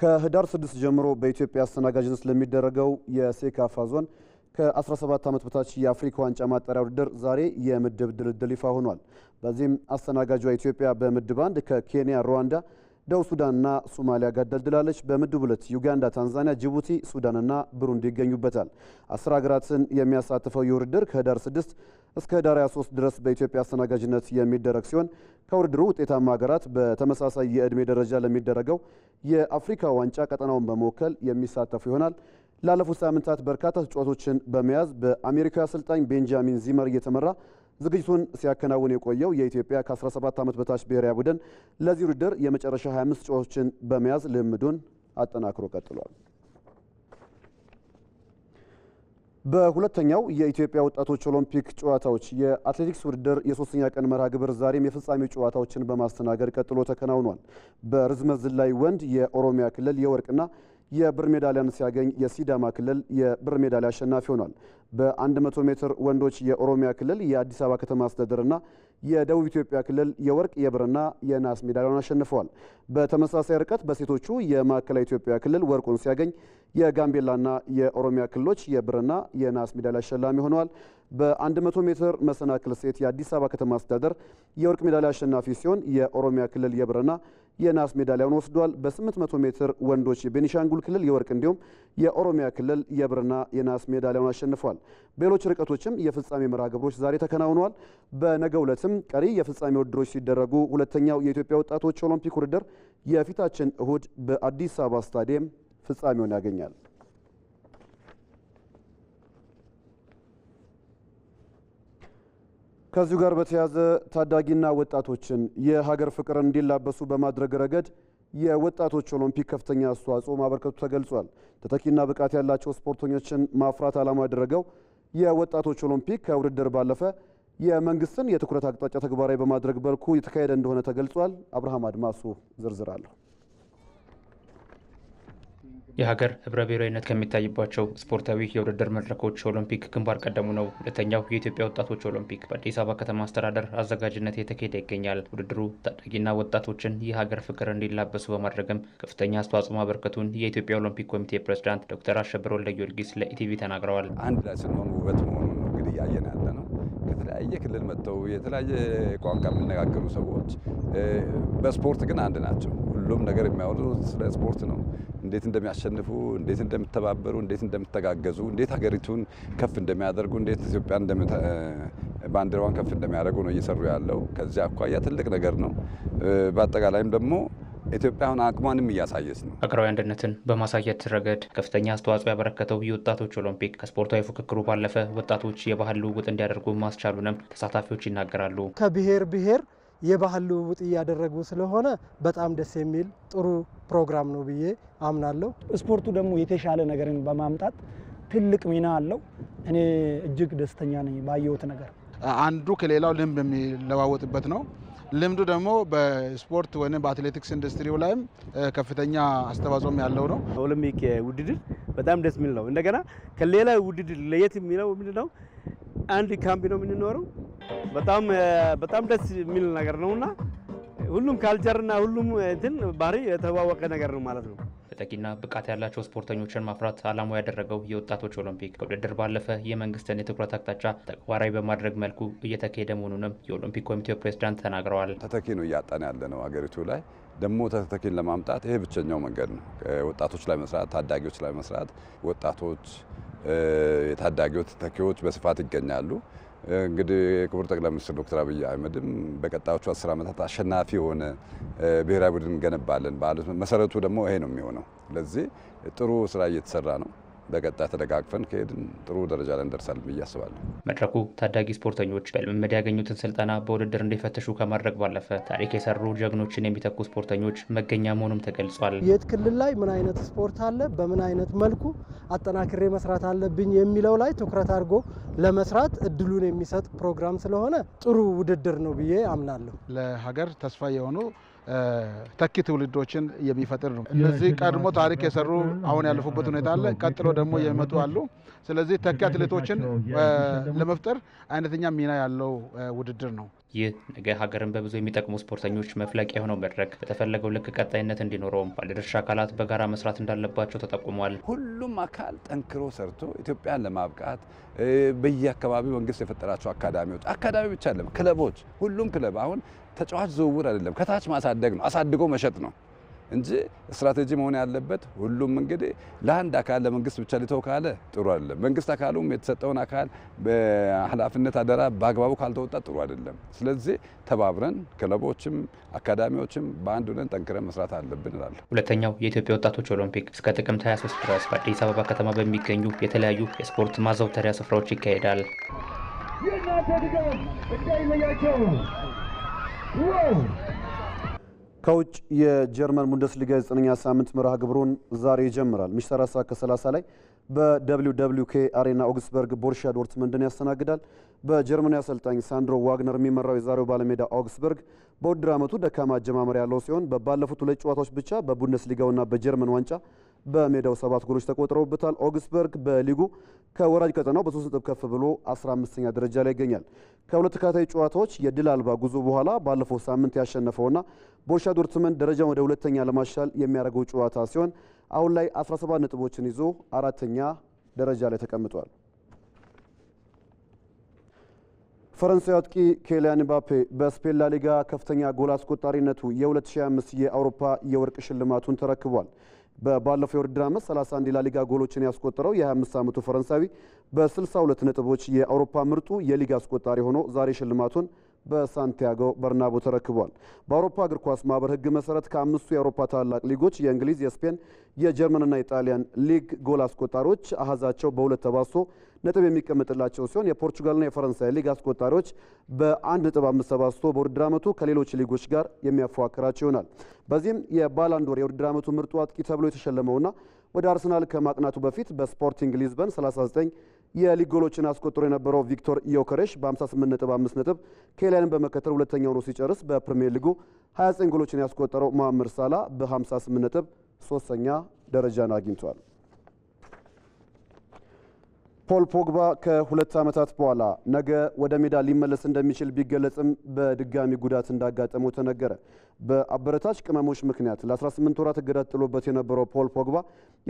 ከህዳር 6 ጀምሮ በኢትዮጵያ አስተናጋጅነት ለሚደረገው የሴካፋ ዞን ከ17 ዓመት በታች የአፍሪካ ዋንጫ ማጣሪያ ውድድር ዛሬ የምድብ ድልድል ይፋ ሆኗል። በዚህም አስተናጋጇ ኢትዮጵያ በምድብ አንድ ከኬንያ፣ ሩዋንዳ ደቡብ ሱዳንና ሶማሊያ ጋር ደልድላለች። በምድብ ሁለት ዩጋንዳ፣ ታንዛኒያ፣ ጅቡቲ፣ ሱዳንና ብሩንዲ ይገኙበታል። አስር ሀገራትን የሚያሳትፈው ይህ ውድድር ከህዳር 6 እስከ ህዳር 23 ድረስ በኢትዮጵያ አስተናጋጅነት የሚደረግ ሲሆን ከውድድሩ ውጤታማ ሀገራት በተመሳሳይ የዕድሜ ደረጃ ለሚደረገው የአፍሪካ ዋንጫ ቀጠናውን በመወከል የሚሳተፉ ይሆናል። ላለፉት ሳምንታት በርካታ ተጫዋቾችን በመያዝ በአሜሪካዊ አሰልጣኝ ቤንጃሚን ዚመር እየተመራ ዝግጅቱን ሲያከናውን የቆየው የኢትዮጵያ ከ17 ዓመት በታች ብሔራዊ ቡድን ለዚህ ውድድር የመጨረሻ 25 ጨዋታዎችን በመያዝ ልምዱን አጠናክሮ ቀጥሏል። በሁለተኛው የኢትዮጵያ ወጣቶች ኦሎምፒክ ጨዋታዎች የአትሌቲክስ ውድድር የሶስተኛ ቀን መርሃ ግብር ዛሬም የፍጻሜ ጨዋታዎችን በማስተናገድ ቀጥሎ ተከናውኗል። በርዝመት ዝላይ ወንድ የኦሮሚያ ክልል የወርቅና የብር ሜዳሊያን ሲያገኝ የሲዳማ ክልል የብር ሜዳሊያ አሸናፊ ሆኗል። በ100 ሜትር ወንዶች የኦሮሚያ ክልል የአዲስ አበባ ከተማ አስተዳደርና የደቡብ ኢትዮጵያ ክልል የወርቅ የብርና የናስ ሜዳሊያን አሸንፈዋል። በተመሳሳይ ርቀት በሴቶቹ የማዕከላዊ ኢትዮጵያ ክልል ወርቁን ሲያገኝ የጋምቤላና የኦሮሚያ ክልሎች የብርና የናስ ሜዳሊያ አሸላሚ ሆነዋል። በ100 ሜትር መሰናክል ሴት የአዲስ አበባ ከተማ አስተዳደር የወርቅ ሜዳሊያ አሸናፊ ሲሆን የኦሮሚያ ክልል የብርና የናስ ሜዳሊያውን ወስዷል። በ800 ሜትር ወንዶች የቤኒሻንጉል ክልል የወርቅ እንዲሁም የኦሮሚያ ክልል የብርና የናስ ሜዳሊያውን አሸንፏል። በሌሎች ርቀቶችም የፍጻሜ መርሃ ግብሮች ዛሬ ተከናውነዋል። በነገ ዕለትም ቀሪ የፍጻሜ ውድድሮች ሲደረጉ ሁለተኛው የኢትዮጵያ ወጣቶች ኦሎምፒክ ውድድር የፊታችን እሁድ በአዲስ አበባ ስታዲየም ፍጻሜውን ያገኛል። ከዚሁ ጋር በተያያዘ ታዳጊና ወጣቶችን የሀገር ፍቅር እንዲላበሱ በማድረግ ረገድ የወጣቶች ኦሎምፒክ ከፍተኛ አስተዋጽኦ ማበርከቱ ተገልጿል። ተተኪና ብቃት ያላቸው ስፖርተኞችን ማፍራት ዓላማ ያደረገው የወጣቶች ኦሎምፒክ ከውድድር ባለፈ የመንግስትን የትኩረት አቅጣጫ ተግባራዊ በማድረግ በልኩ የተካሄደ እንደሆነ ተገልጿል። አብርሃም አድማሱ ዝርዝር አለሁ። የሀገር ህብረ ብሔራዊነት ከሚታይባቸው ስፖርታዊ የውድድር መድረኮች ኦሎምፒክ ግንባር ቀደሙ ነው። ሁለተኛው የኢትዮጵያ ወጣቶች ኦሎምፒክ በአዲስ አበባ ከተማ አስተዳደር አዘጋጅነት የተካሄደ ይገኛል። ውድድሩ ታዳጊና ወጣቶችን የሀገር ፍቅር እንዲላበሱ በማድረግም ከፍተኛ አስተዋጽኦ ማበርከቱን የኢትዮጵያ ኦሎምፒክ ኮሚቴ ፕሬዝዳንት ዶክተር አሸብር ወልደ ጊዮርጊስ ለኢቲቪ ተናግረዋል። አንድ ላይ ስንሆን ውበት መሆኑን ነው እንግዲህ እያየን ያለ ነው። ከተለያየ ክልል መጥተው የተለያየ ቋንቋ የሚነጋገሩ ሰዎች በስፖርት ግን አንድ ናቸው። ሁሉም ነገር የሚያወሩት ስለ ስፖርት ነው። እንዴት እንደሚያሸንፉ፣ እንዴት እንደሚተባበሩ፣ እንዴት እንደሚተጋገዙ፣ እንዴት ሀገሪቱን ከፍ እንደሚያደርጉ፣ እንዴት ኢትዮጵያ ባንዲራዋን ከፍ እንደሚያደርጉ ነው እየሰሩ ያለው። ከዚያ አኳያ ትልቅ ነገር ነው። በአጠቃላይም ደግሞ ኢትዮጵያን አቅሟንም እያሳየች ነው። ሀገራዊ አንድነትን በማሳየት ረገድ ከፍተኛ አስተዋጽኦ ያበረከተው የወጣቶች ኦሎምፒክ ከስፖርታዊ ፉክክሩ ባለፈ ወጣቶች የባህል ልውውጥ እንዲያደርጉ ማስቻሉንም ተሳታፊዎች ይናገራሉ። ከብሔር ብሔር የባህል ልውውጥ እያደረጉ ስለሆነ በጣም ደስ የሚል ጥሩ ፕሮግራም ነው ብዬ አምናለሁ። ስፖርቱ ደግሞ የተሻለ ነገርን በማምጣት ትልቅ ሚና አለው። እኔ እጅግ ደስተኛ ነኝ ባየሁት ነገር። አንዱ ከሌላው ልምድ የሚለዋወጥበት ነው። ልምዱ ደግሞ በስፖርት ወይም በአትሌቲክስ ኢንዱስትሪው ላይም ከፍተኛ አስተዋጽኦም ያለው ነው። ኦሎምፒክ ውድድር በጣም ደስ የሚል ነው። እንደገና ከሌላ ውድድር ለየት የሚለው ምንድነው? አንድ ካምፕ ነው የምንኖረው በጣም በጣም ደስ የሚል ነገር ነውና ሁሉም ካልቸርና ሁሉም እንትን ባህሪ የተዋወቀ ነገር ነው ማለት ነው። ተተኪና ብቃት ያላቸው ስፖርተኞችን ማፍራት ዓላማው ያደረገው የወጣቶች ኦሎምፒክ ከውድድር ባለፈ የመንግስትን የትኩረት አቅጣጫ ተግባራዊ በማድረግ መልኩ እየተካሄደ መሆኑንም የኦሎምፒክ ኮሚቴው ፕሬዝዳንት ተናግረዋል። ተተኪ ነው እያጣን ያለ ነው አገሪቱ ላይ ደግሞ ተተኪን ለማምጣት ይሄ ብቸኛው መንገድ ነው። ወጣቶች ላይ መስራት፣ ታዳጊዎች ላይ መስራት። ወጣቶች የታዳጊዎች ተተኪዎች በስፋት ይገኛሉ። እንግዲህ ክቡር ጠቅላይ ሚኒስትር ዶክተር አብይ አህመድም በቀጣዮቹ አስር ዓመታት አሸናፊ የሆነ ብሔራዊ ቡድን እንገነባለን ባሉት መሰረቱ ደግሞ ይሄ ነው የሚሆነው። ስለዚህ ጥሩ ስራ እየተሰራ ነው። በቀጣይ ተደጋግፈን ከሄድን ጥሩ ደረጃ ላይ እንደርሳለን ብዬ አስባለሁ። መድረኩ ታዳጊ ስፖርተኞች በልምምድ ያገኙትን ስልጠና በውድድር እንዲፈትሹ ከማድረግ ባለፈ ታሪክ የሰሩ ጀግኖችን የሚተኩ ስፖርተኞች መገኛ መሆኑም ተገልጿል። የት ክልል ላይ ምን አይነት ስፖርት አለ፣ በምን አይነት መልኩ አጠናክሬ መስራት አለብኝ የሚለው ላይ ትኩረት አድርጎ ለመስራት እድሉን የሚሰጥ ፕሮግራም ስለሆነ ጥሩ ውድድር ነው ብዬ አምናለሁ። ለሀገር ተስፋ የሆኑ ተኪ ትውልዶችን የሚፈጥር ነው። እነዚህ ቀድሞ ታሪክ የሰሩ አሁን ያለፉበት ሁኔታ አለ፣ ቀጥሎ ደግሞ የመጡ አሉ። ስለዚህ ተኪ አትሌቶችን ለመፍጠር አይነተኛ ሚና ያለው ውድድር ነው። ይህ ነገ ሀገርን በብዙ የሚጠቅሙ ስፖርተኞች መፍለቂያ የሆነው መድረክ በተፈለገው ልክ ቀጣይነት እንዲኖረውም ባለድርሻ አካላት በጋራ መስራት እንዳለባቸው ተጠቁሟል። ሁሉም አካል ጠንክሮ ሰርቶ ኢትዮጵያን ለማብቃት በየአካባቢው መንግስት የፈጠራቸው አካዳሚዎች አካዳሚ ብቻ አለም ክለቦች፣ ሁሉም ክለብ አሁን ተጫዋች ዝውውር አይደለም፣ ከታች ማሳደግ ነው፣ አሳድጎ መሸጥ ነው። እንጂ ስትራቴጂ መሆን ያለበት ሁሉም እንግዲህ ለአንድ አካል ለመንግስት ብቻ ሊተው ካለ ጥሩ አይደለም። መንግስት አካሉም የተሰጠውን አካል በኃላፊነት አደራ በአግባቡ ካልተወጣ ጥሩ አይደለም። ስለዚህ ተባብረን ክለቦችም አካዳሚዎችም በአንድ ሆነን ጠንክረን መስራት አለብን እላለሁ። ሁለተኛው የኢትዮጵያ ወጣቶች ኦሎምፒክ እስከ ጥቅምት 23 ድረስ በአዲስ አበባ ከተማ በሚገኙ የተለያዩ የስፖርት ማዘውተሪያ ስፍራዎች ይካሄዳል። የእናንተ ድጋፍ እንዳይለያቸው ከውጭ የጀርመን ቡንደስሊጋ የዘጠነኛ ሳምንት መርሃ ግብሩን ዛሬ ይጀምራል። ምሽት አራት ሰዓት ከሰላሳ ላይ በደብሊው ደብሊው ኬ አሬና ኦግስበርግ ቦርሺያ ዶርትመንድን ያስተናግዳል። በጀርመናዊ አሰልጣኝ ሳንድሮ ዋግነር የሚመራው የዛሬው ባለሜዳ ኦግስበርግ በውድድር ዓመቱ ደካማ አጀማመር ያለው ሲሆን በባለፉት ሁለት ጨዋታዎች ብቻ በቡንደስሊጋውና በጀርመን ዋንጫ በሜዳው ሰባት ጎሎች ተቆጥረውበታል። ኦግስበርግ በሊጉ ከወራጅ ቀጠናው በሶስት ነጥብ ከፍ ብሎ 15ኛ ደረጃ ላይ ይገኛል። ከሁለት ተከታታይ ጨዋታዎች የድል አልባ ጉዞ በኋላ ባለፈው ሳምንት ያሸነፈውና ቦሩሲያ ዶርትመንድ ደረጃውን ወደ ሁለተኛ ለማሻል የሚያደርገው ጨዋታ ሲሆን አሁን ላይ 17 ነጥቦችን ይዞ አራተኛ ደረጃ ላይ ተቀምጧል። ፈረንሳይ አጥቂ ኬሊያን ኤምባፔ በስፔን ላሊጋ ከፍተኛ ጎል አስቆጣሪነቱ የ2025 የአውሮፓ የወርቅ ሽልማቱን ተረክቧል። በባለፈው የውድድር ዓመት 31 ላሊጋ ጎሎችን ያስቆጠረው የ25 ዓመቱ ፈረንሳዊ በ62 ነጥቦች የአውሮፓ ምርጡ የሊጋ አስቆጣሪ ሆኖ ዛሬ ሽልማቱን በሳንቲያጎ በርናቦ ተረክቧል። በአውሮፓ እግር ኳስ ማህበር ህግ መሰረት ከአምስቱ የአውሮፓ ታላቅ ሊጎች የእንግሊዝ፣ የስፔን፣ የጀርመንና የጣሊያን ሊግ ጎል አስቆጣሪዎች አሃዛቸው በሁለት ተባሶ ነጥብ የሚቀመጥላቸው ሲሆን የፖርቹጋልና የፈረንሳይ ሊግ አስቆጣሪዎች በአንድ ነጥብ አምስት ተባስቶ በውድድር ዓመቱ ከሌሎች ሊጎች ጋር የሚያፈዋክራቸው ይሆናል። በዚህም የባላንዶር የውድድር ዓመቱ ምርጡ አጥቂ ተብሎ የተሸለመውና ወደ አርሰናል ከማቅናቱ በፊት በስፖርቲንግ ሊዝበን 39 የሊግ ጎሎችን አስቆጥሮ የነበረው ቪክቶር ዮከሬሽ በ58.5 ነጥብ ኬሊያንን በመከተል ሁለተኛ ሆኖ ሲጨርስ በፕሪምየር ሊጉ 29 ጎሎችን ያስቆጠረው መሐመድ ሳላ በ58 ነጥብ ሶስተኛ ደረጃን አግኝቷል። ፖል ፖግባ ከሁለት ዓመታት በኋላ ነገ ወደ ሜዳ ሊመለስ እንደሚችል ቢገለጽም በድጋሚ ጉዳት እንዳጋጠመው ተነገረ። በአበረታች ቅመሞች ምክንያት ለ18 ወራት እገዳ የነበረው ፖል ፖግባ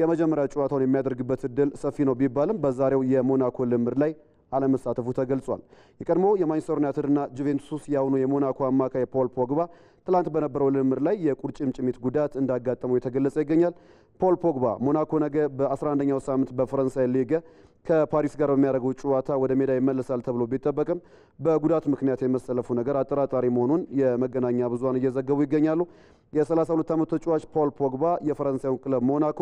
የመጀመሪያ ጨዋታውን የሚያደርግበት እድል ሰፊ ነው ቢባልም በዛሬው የሞናኮ ልምድ ላይ አለመሳተፉ ተገልጿል። የቀድሞ የማንቸስተር ዩናይትድና ጁቬንቱስ ያውኑ የሞናኮ አማካይ ፖል ፖግባ ትላንት በነበረው ልምምድ ላይ የቁርጭምጭሚት ጉዳት እንዳጋጠመው የተገለጸ ይገኛል። ፖል ፖግባ ሞናኮ ነገ በ11ኛው ሳምንት በፈረንሳይ ሊገ ከፓሪስ ጋር በሚያደርገው ጨዋታ ወደ ሜዳ ይመለሳል ተብሎ ቢጠበቅም በጉዳት ምክንያት የመሰለፉ ነገር አጠራጣሪ መሆኑን የመገናኛ ብዙን እየዘገቡ ይገኛሉ። የ32 ዓመት ተጫዋች ፖል ፖግባ የፈረንሳዩን ክለብ ሞናኮ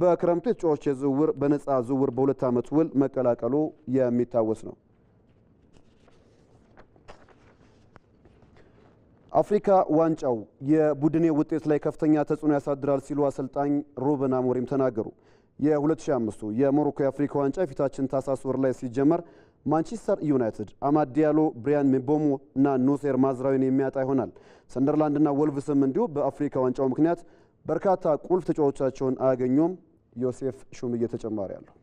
በክረምቱ የተጫዋቾች ዝውውር በነፃ ዝውውር በሁለት ዓመት ውል መቀላቀሉ የሚታወስ ነው። አፍሪካ ዋንጫው የቡድኔ ውጤት ላይ ከፍተኛ ተጽዕኖ ያሳድራል ሲሉ አሰልጣኝ ሩበን አሞሪም ተናገሩ። የ2005 የሞሮኮ የአፍሪካ ዋንጫ የፊታችን ታህሳስ ወር ላይ ሲጀመር ማንቸስተር ዩናይትድ አማድ ዲያሎ፣ ብሪያን ሚቦሞ እና ኑሴር ማዝራዊን የሚያጣ ይሆናል። ሰንደርላንድና ወልቭስም እንዲሁ በአፍሪካ ዋንጫው ምክንያት በርካታ ቁልፍ ተጫዋቾቻቸውን አያገኙም። ዮሴፍ ሹምዬ ተጨማሪ አለው።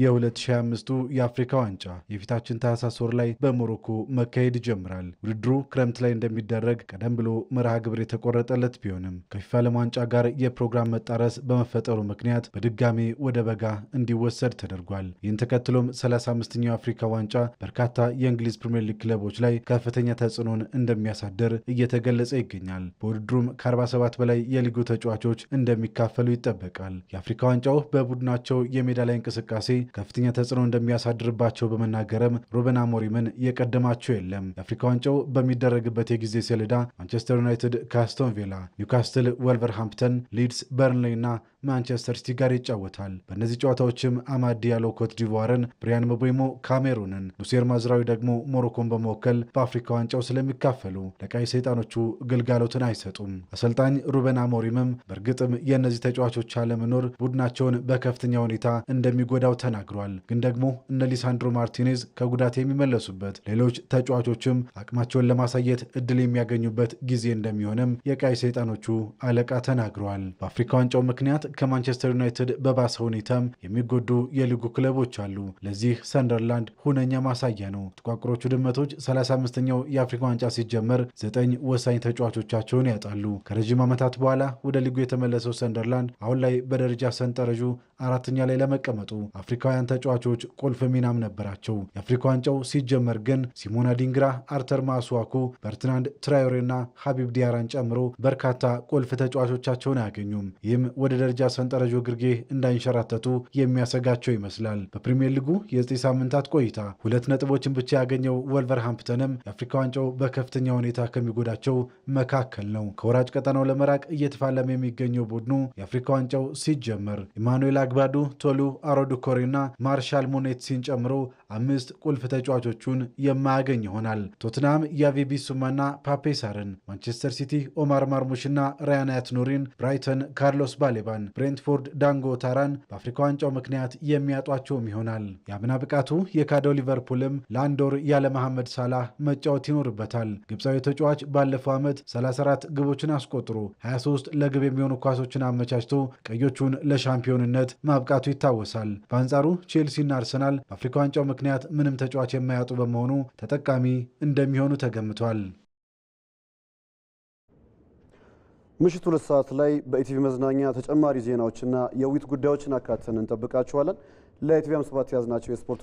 የ 2025 የአፍሪካ ዋንጫ የፊታችን ታህሳስ ወር ላይ በሞሮኮ መካሄድ ይጀምራል። ውድድሩ ክረምት ላይ እንደሚደረግ ቀደም ብሎ መርሃ ግብር የተቆረጠለት ቢሆንም ከፊፋ ዓለም ዋንጫ ጋር የፕሮግራም መጣረስ በመፈጠሩ ምክንያት በድጋሜ ወደ በጋ እንዲወሰድ ተደርጓል። ይህን ተከትሎም 35ኛው የአፍሪካ ዋንጫ በርካታ የእንግሊዝ ፕሪምየር ሊግ ክለቦች ላይ ከፍተኛ ተጽዕኖን እንደሚያሳድር እየተገለጸ ይገኛል። በውድድሩም ከ47 በላይ የሊጉ ተጫዋቾች እንደሚካፈሉ ይጠበቃል። የአፍሪካ ዋንጫው በቡድናቸው የሜዳ ላይ እንቅስቃሴ ከፍተኛ ተጽዕኖ እንደሚያሳድርባቸው በመናገርም ሩበን አሞሪምን የቀደማቸው የለም። የአፍሪካ ዋንጫው በሚደረግበት የጊዜ ሰሌዳ ማንቸስተር ዩናይትድ ከአስቶን ቪላ፣ ኒውካስትል፣ ወልቨርሃምፕተን፣ ሊድስ፣ በርንሌይና ማንቸስተር ሲቲ ጋር ይጫወታል። በእነዚህ ጨዋታዎችም አማድ ዲያሎ ኮት ዲቮርን፣ ብሪያን ምቦሞ ካሜሩንን፣ ኑሴር ማዝራዊ ደግሞ ሞሮኮን በመወከል በአፍሪካ ዋንጫው ስለሚካፈሉ ለቀይ ሰይጣኖቹ ግልጋሎትን አይሰጡም። አሰልጣኝ ሩበን አሞሪምም በእርግጥም የእነዚህ ተጫዋቾች አለመኖር ቡድናቸውን በከፍተኛ ሁኔታ እንደሚጎዳው ተናል ተናግሯል። ግን ደግሞ እነ ሊሳንድሮ ማርቲኔዝ ከጉዳት የሚመለሱበት፣ ሌሎች ተጫዋቾችም አቅማቸውን ለማሳየት እድል የሚያገኙበት ጊዜ እንደሚሆንም የቀይ ሰይጣኖቹ አለቃ ተናግረዋል። በአፍሪካ ዋንጫው ምክንያት ከማንቸስተር ዩናይትድ በባሰ ሁኔታም የሚጎዱ የሊጉ ክለቦች አሉ። ለዚህ ሰንደርላንድ ሁነኛ ማሳያ ነው። ጥቋቁሮቹ ድመቶች 35ኛው የአፍሪካ ዋንጫ ሲጀመር ዘጠኝ ወሳኝ ተጫዋቾቻቸውን ያጣሉ። ከረዥም ዓመታት በኋላ ወደ ሊጉ የተመለሰው ሰንደርላንድ አሁን ላይ በደረጃ ሰንጠረዡ አራተኛ ላይ ለመቀመጡ አፍሪካውያን ተጫዋቾች ቁልፍ ሚናም ነበራቸው። የአፍሪካ ዋንጫው ሲጀመር ግን ሲሞና ዲንግራ፣ አርተር ማስዋኩ፣ በርትናንድ ትራዮሬና ሀቢብ ዲያራን ጨምሮ በርካታ ቁልፍ ተጫዋቾቻቸውን አያገኙም። ይህም ወደ ደረጃ ሰንጠረዡ ግርጌ እንዳይንሸራተቱ የሚያሰጋቸው ይመስላል። በፕሪምየር ሊጉ የዘጠኝ ሳምንታት ቆይታ ሁለት ነጥቦችን ብቻ ያገኘው ወልቨርሃምፕተንም የአፍሪካ ዋንጫው በከፍተኛ ሁኔታ ከሚጎዳቸው መካከል ነው። ከወራጭ ቀጠናው ለመራቅ እየተፋለመ የሚገኘው ቡድኑ የአፍሪካ ዋንጫው ሲጀመር ኢማኑኤል አግባዱ፣ ቶሉ አሮዱ ኮሬና ማርሻል ሙኔትሲን ጨምሮ አምስት ቁልፍ ተጫዋቾቹን የማያገኝ ይሆናል። ቶትናም ያቪ ቢሱማና ፓፔሳርን፣ ማንቸስተር ሲቲ ኦማር ማርሙሽና ራያናያት ኑሪን፣ ብራይተን ካርሎስ ባሌባን፣ ብሬንትፎርድ ዳንጎ ታራን በአፍሪካ ዋንጫው ምክንያት የሚያጧቸውም ይሆናል። የአምና ብቃቱ የካደው ሊቨርፑልም ለአንድ ወር ያለ መሐመድ ሳላህ መጫወት ይኖርበታል። ግብፃዊ ተጫዋች ባለፈው ዓመት 34 ግቦችን አስቆጥሮ 23 ለግብ የሚሆኑ ኳሶችን አመቻችቶ ቀዮቹን ለሻምፒዮንነት ማብቃቱ ይታወሳል። በአንጻሩ ቼልሲና አርሰናል በአፍሪካ ዋንጫው ምክንያት ምንም ተጫዋች የማያጡ በመሆኑ ተጠቃሚ እንደሚሆኑ ተገምቷል። ምሽቱ ሁለት ሰዓት ላይ በኢቲቪ መዝናኛ ተጨማሪ ዜናዎችና የውይይት ጉዳዮችን አካተን እንጠብቃችኋለን። ለኢቲቪ አምስት ሰባት የያዝናቸው የስፖርት